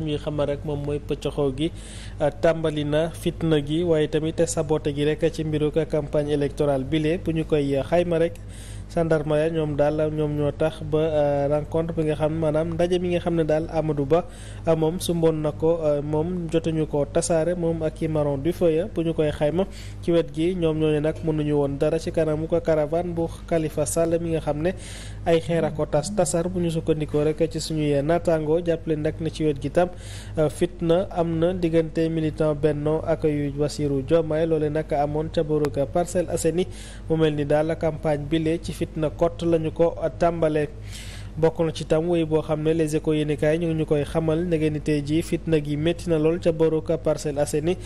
ñuy xamal rek moom mooy pëccoxoo gi tàmbali na fitna gi waaye tamit sabote gi rek ci mbiru ko campagne électorale bile bu ñu koy xayma rek gendarme ya ñoom daal ñoom ñoo tax ba euh, rencontre bi nga xam maanaam ndaje mi nga xam ne daal Amadou Ba euh, moom sumboon na ko euh, moom jotuñu ko tasaare moom ak i maron du feu ya bu ñu koy xayma ci wet gi ñoom ñoo ne nag mënuñu woon dara ci kanamu ko caravane bu kalifa Sall mi nga xam ne ay xeer ak tas tasar bu ñu sukkandikoo rek ci suñuy naataangoo jàppale nag na ci wet gi tam euh, fitna am na diggante militant Benno ak yu Bassirou Diomaye loole nag amoon ca bërëb Parcelles Assainies mu mel ni daal campagne bi lee ci fitna kott lañu ko tàmbalee. bokk na ci tam woy boo xam ne les échos yéenekaay ñu ngi ñu koy xamal ne ngeen ni tey jii fitna gi métti na lool ca boruka Parcelles Assainies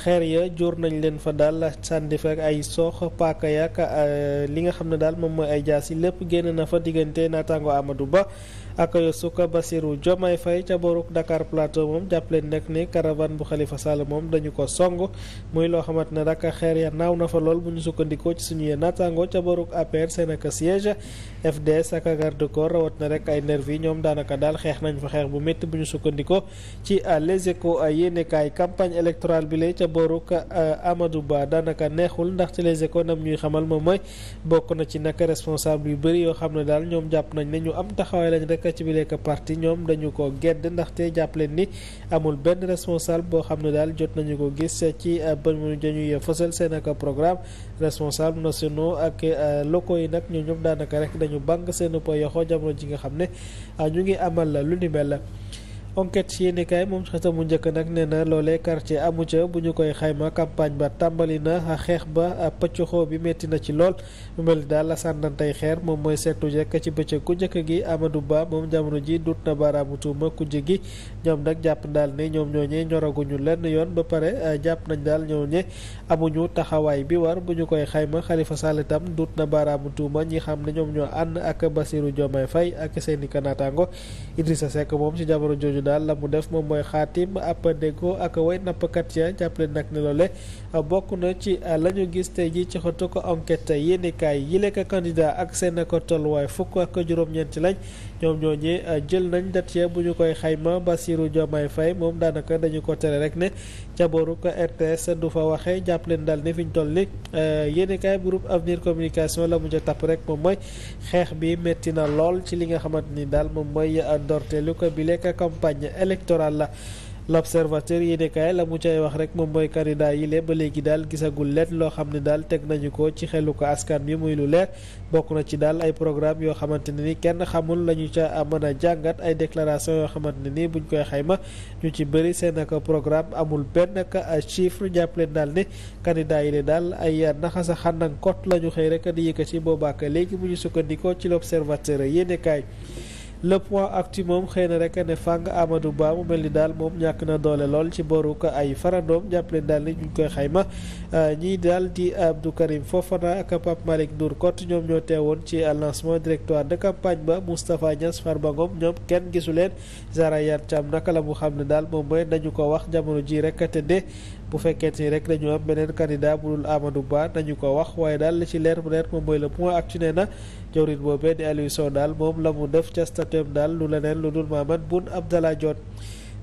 xeer ya jóor nañ leen fa daal sànni fa ay soox paaka yaak euh, li nga xam ne daal moom mooy ay jaas yi lépp génn na fa diggante naataango Amadou Ba ak suka Bassirou Diomaye fay ca boruk Dakar Plateau moom leen nag ni caravane bu Khalifa Sall moom dañu ko song muy loo xamante ne rek xeer ya naaw na fa lool bu ñu sukkandikoo ci suñu naataango ca boruk APR seen ak siège FDS ak garde rawat na rek ay nervi ñoom daanaka daal xeex nañu fa xeex bu métti bu ñu sukkandikoo ci Les Échos ay yéenekaay campagne électorale bi lay ca boruk euh, Amadou Ba daanaka neexul ndax ci Les Échos nam ñuy xamal moom mooy bokk na ci nag responsable yu bëri yoo xam ne daal ñoom jàpp nañ ne ñu am taxawaay ci biir lekk parti ñoom dañu ko gedd ndaxte jàpp leen ni amul benn responsable boo xam ne daal jot nañu ko gis ci euh, ba mu dañuy fësal seen ak programme responsable nationaux ak euh, loko yi nag ñoo ñëpp daanaka rek dañu bàng seen po yoxoo jamono ji nga xam ne euh, ñu ngi amal lu ni mel enquête ci yéeni kaay moom xëta mu njëkk nag nee na loolee quartier amu ca bu ñu koy xayma campagne ba tàmbali na xeex ba pëccuxoo bi metti na ci lool mu mel ni daal sànnantey xeer moom mooy seetu njëkk ci bëccëg ku njëkk gi Amadou Ba moom jamono ji dut na baaraamu tuuma ku gi ñoom nag jàpp daal ne ñoom ñooñee ñoraguñu lenn yoon ba pare euh, jàpp nañ daal ñooñe amuñu taxawaay bi war bu ñu koy xayma xalifa Sall itam dut na baaraamu tuuma ñi xam ne ñoom ñoo ànd ak Bassirou Diomaye Faye ak seeni kanaataango daal la mu def moom mooy xaatim ab déggoo ak way nappkat ya jàppale nag ne loole bokk na ci lañu gis tey ji ci xëtu ko enquête yéenekaay yi lekk candidat ak seen ko tolluwaay fukk ak juróom-ñeenti lañ ñoom ñooñee euh, jël nañ date bu ñu koy xayma Bassirou Diomaye fay moom daanaka dañu ko tere rek ne ca booru RTS du fa waxee jàpp leen daal ne fi ñu toll ni euh, yéenekaay groupe Avenir Communication la mu ca tapp rek moom mooy xeex bi métti na lool ci li nga xamante ni daal moom mooy ndorteelu ko bi lekk campagne électorale la l'observateur yéenekaay la mu cay wax rek moom mooy candidat yi le ba léegi daal gisagul leen loo xam ne daal teg nañu ko ci xelu ko askan bi muy lu leer bokk na ci daal ay programme yoo xamante ne ni kenn xamul la ñu ca mën a jàngat ay déclaration yoo xamante ne ni buñ koy xayma ñu ci bëri seen ak programme amul benn ak chiffre leen daal ne candidat yi le daal ay naxasa xànnan kot la ñu xëy rek di yëkkati boobaak léegi bu ñu sukkandikoo ci l'observateur yéenekaay le point actu xëy na rek ne fang Amadou baamu mu mel ni daal moom ñàkk na doole lool ci boru ko ay farandoom jàppale daal ni ñu koy xayma euh, ñii daal di Abdou Karim Fofana ak Pape Malick Ndour Kot ñoom ñoo teewoon ci lancement directoire de campagne ba Moustapha Niass Farba Ngom ñoom kenn gisu leen Zahra Iyane Thiam naka la mu xam ne daal moom mooy dañu ko wax jamono ji rek te de bu fekkente ni rek dañu am beneen candidat bu dul Amadou Ba nañu ko wax waaye daal li ci leer bu leer moom mooy le point actu ne na jawriñ boobee di Aliou Sow daal moom la mu def ca statuam daal lu leneen lu dul Mahammed Boun Abdallah Dionne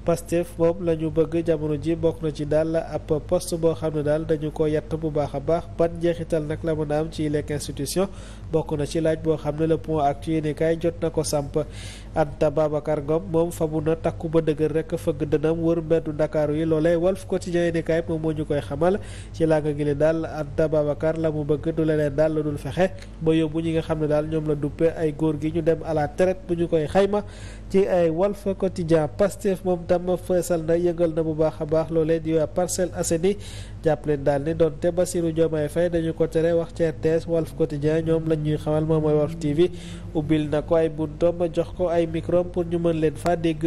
Pastef moom la ñu bëgg jamono ji bokk na ci daal ab poste boo xam ne daal dañu ko yatt bu baax a baax ban njeexital nag la mën a am ci lekk institution bokk na ci laaj boo xam ne la point actu yéene kaay jot na ko samp Anta Babacar Ngom moom famu na takku ba dëgër rek fëgg dënam wër mbeddu ndakaaru yi loolee Walf Quotidien yi nekaay moom moo ñu koy xamal ci langa gi le daal Anta Babacar la mu bëgg du leneen daal la dul fexe ba yóbbu ñi nga xam ne daal ñoom la duppe ay góor gi ñu dem à la traite bu ñu koy xayma ci ay Walf Quotidien Pastef moom tam feesal na yëngal na bu baax a baax loolee di waa Parcelles Assainies jàppale daal ni donte Bassirou Diomaye Faye dañu ko tere wax ci RTS Walf Quotidien ñoom lañ ñuy xamal moom mooy Walf TV ubbil na ko ay buntoom jox ko ay micro pour ñu mën leen faa dégg.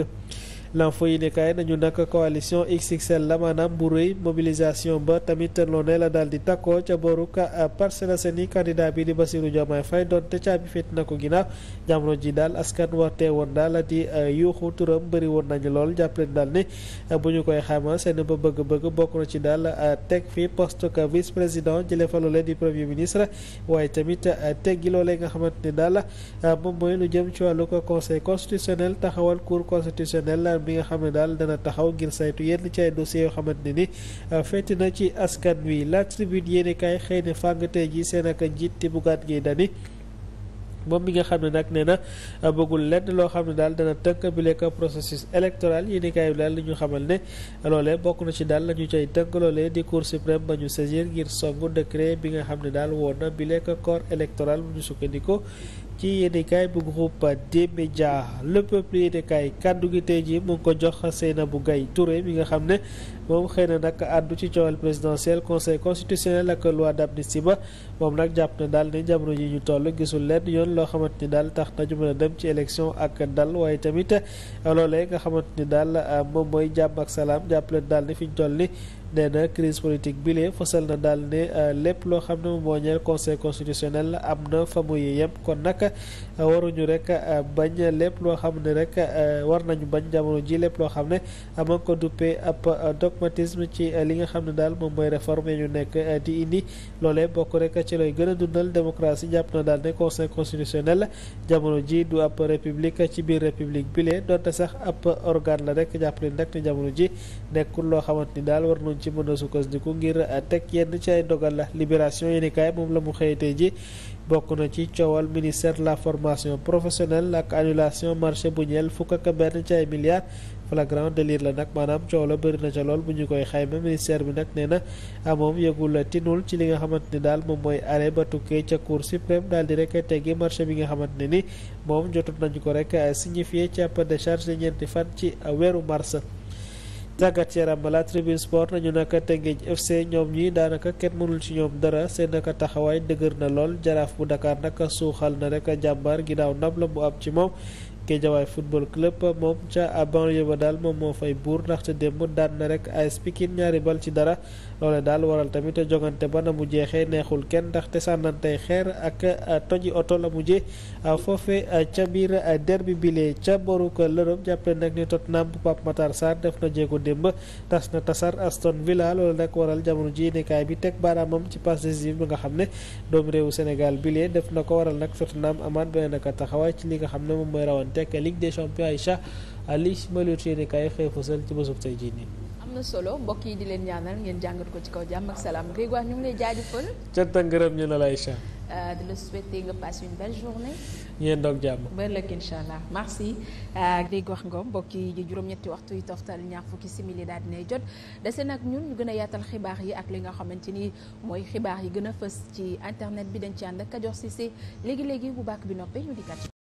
l'info yi ne kaay nañu nag coalition XXL la maanaam bu rëy mobilisation ba tamit loone la daal di takkoo ca booru euh, Parcelles Assainies candidat bi di Bassirou Diomaye Faye donte caabi féet na ko ginnaaw jamono ji daal askan waxtee woon daal di euh, yuuxu turam bëri woon nañu lool jàppale daal ne euh, bu ñu koy xayma seen ba bëgg-bëgg bokk na ci daal teg fi poste que vice président jële fa loolee di premier ministre waaye tamit teggi loolee nga xamante ne daal moom mooy lu jëm ci wàllu conseil constitutionnel taxawal cour bi nga xam ne daal dana taxaw ngir saytu yenn ci ay dossiers yoo xamante ne ni euh, fetti na ci askan wi la tribune yéene kaay xëy na fàng tey ji seen ak njiit ti bugaat ngay dani moom bi nga xam ne nag nee na euh, bëggul lenn loo xam ne daal dana tënk bi lekk processus électoral yi ni bi daal li ñu xamal ne loolee bokk na ci daal la ñu cay tënk loolee di cour suprême ba ñu saisir ngir songu décret bi nga xam ne daal woon na bi lekk corps électoral bu ñu sukkandiko ci yéenekaay bu groupe D-Média Le Peuple yéenekaay kàddu gi tey jii mu ngi ko jox bu gay Touré bi nga xam ne moom xëy na nag àddu ci coowal présidentiel conseil constitutionnel ak loi d'amnistie ba moom nag jàpp na daal ne jamono ji ñu toll gisul lenn yoon loo xamante ni daal tax nañu mën a dem ci élection ak dal waaye tamit loolee nga xamante ni daal moom mooy jàmm ak salaam jàpp leen daal ne fi toll ni nee na crise politique bi lee fësal na daal ne euh, lépp loo xam ne moom moo ñeel conseil constitutionnel am na fa muy yem kon nag euh, waruñu rek euh, bañ lépp loo xam ne rek war nañu bañ jamono ji lépp loo xam ne ama ko duppee ab dogmatisme ci li nga xam ne daal moom mooy réforme yi ñu nekk di indi loolee bokk rek ci looy gën a dundal démocratie jàpp na daal ne conseil constitutionnel jamono ji du ab république ci biir république bi lee donte sax ab organe la rek jàppale nag jamono ji ci mën a sukkandiku ngir eh, teg yenn ci ay ndogal la libération yéeni kaay moom la mu xëyate ji bokk na ci coowal ministère la formation professionnelle ak annulation marché bu ñeel fukk ak benn ci ay milliards flagrant délire la nag maanaam coow la bëri na ca lool bu ñu koy xayma ministère bi nag nee na amoom ah, yëgul tinul ci li nga xamante ni daal moom mooy arrêt ba tukkee ca cour suprême daal di rek teggi marché bi nga xamante ne ni moom jotoon nañu ko rek eh, signifié ci ab décharge ñeenti fan ci weeru mars tàggat yaram ba la tribune sport nañu naka Teungueth FC ñoom ñi daanaka kenn mënul ci ñoom dara seen naka taxawaay dëgër na lool jaraaf bu Dakar naka suuxal na rek jàmbaar ginnaaw ndam la bu am ci moom Guédiawaye football club moom ca banlieue ba daal moom moo fay buur ndaxte démb daan na rek AS Pikine ñaari bal ci dara loole daal waral tamit jogante ba na mu jeexee neexul kenn ndaxte ak toji oto la mujjee foofe ca biir derbi bile ca boruk lërëm jàppale nag ni Tottenham bu Pape Matar def na jéego démb tas na tasar Aston Villa loolu nag waral jamono ji nekkaay bi teg baaraamam ci passe décisive bi nga xam ne doomu réewu Sénégal bile def na ko waral nag Tottenham amaat beneen ak taxawaay ci li nga xam ne moom mooy rawante teg Ligue des champions ay chat li ma leen kay xëy fësal ci bésub tey jii am na solo mbokk yi di leen ñaanal ngeen jàngat ko ci kaw jàmm ak salaam Grégoire ñu ngi lay jaajëfal. cant ak ngërëm ñu ne la Aïcha. Euh, di la souhaiter nga passe une belle journée. ñeen doog jàmm. ba ëllëg incha allah merci. wax euh, Ngom mbokk yi di juróom-ñetti waxtu yi toftal ñaar fukki simili daal dinay jot dese nag ñun ñu gën a yaatal xibaar yi ak li nga xamante ni mooy xibaar yi gën a fës ci internet bi dañ ci ànd ak Kajoor Cissé léegi léegi bu baax bi noppee di kat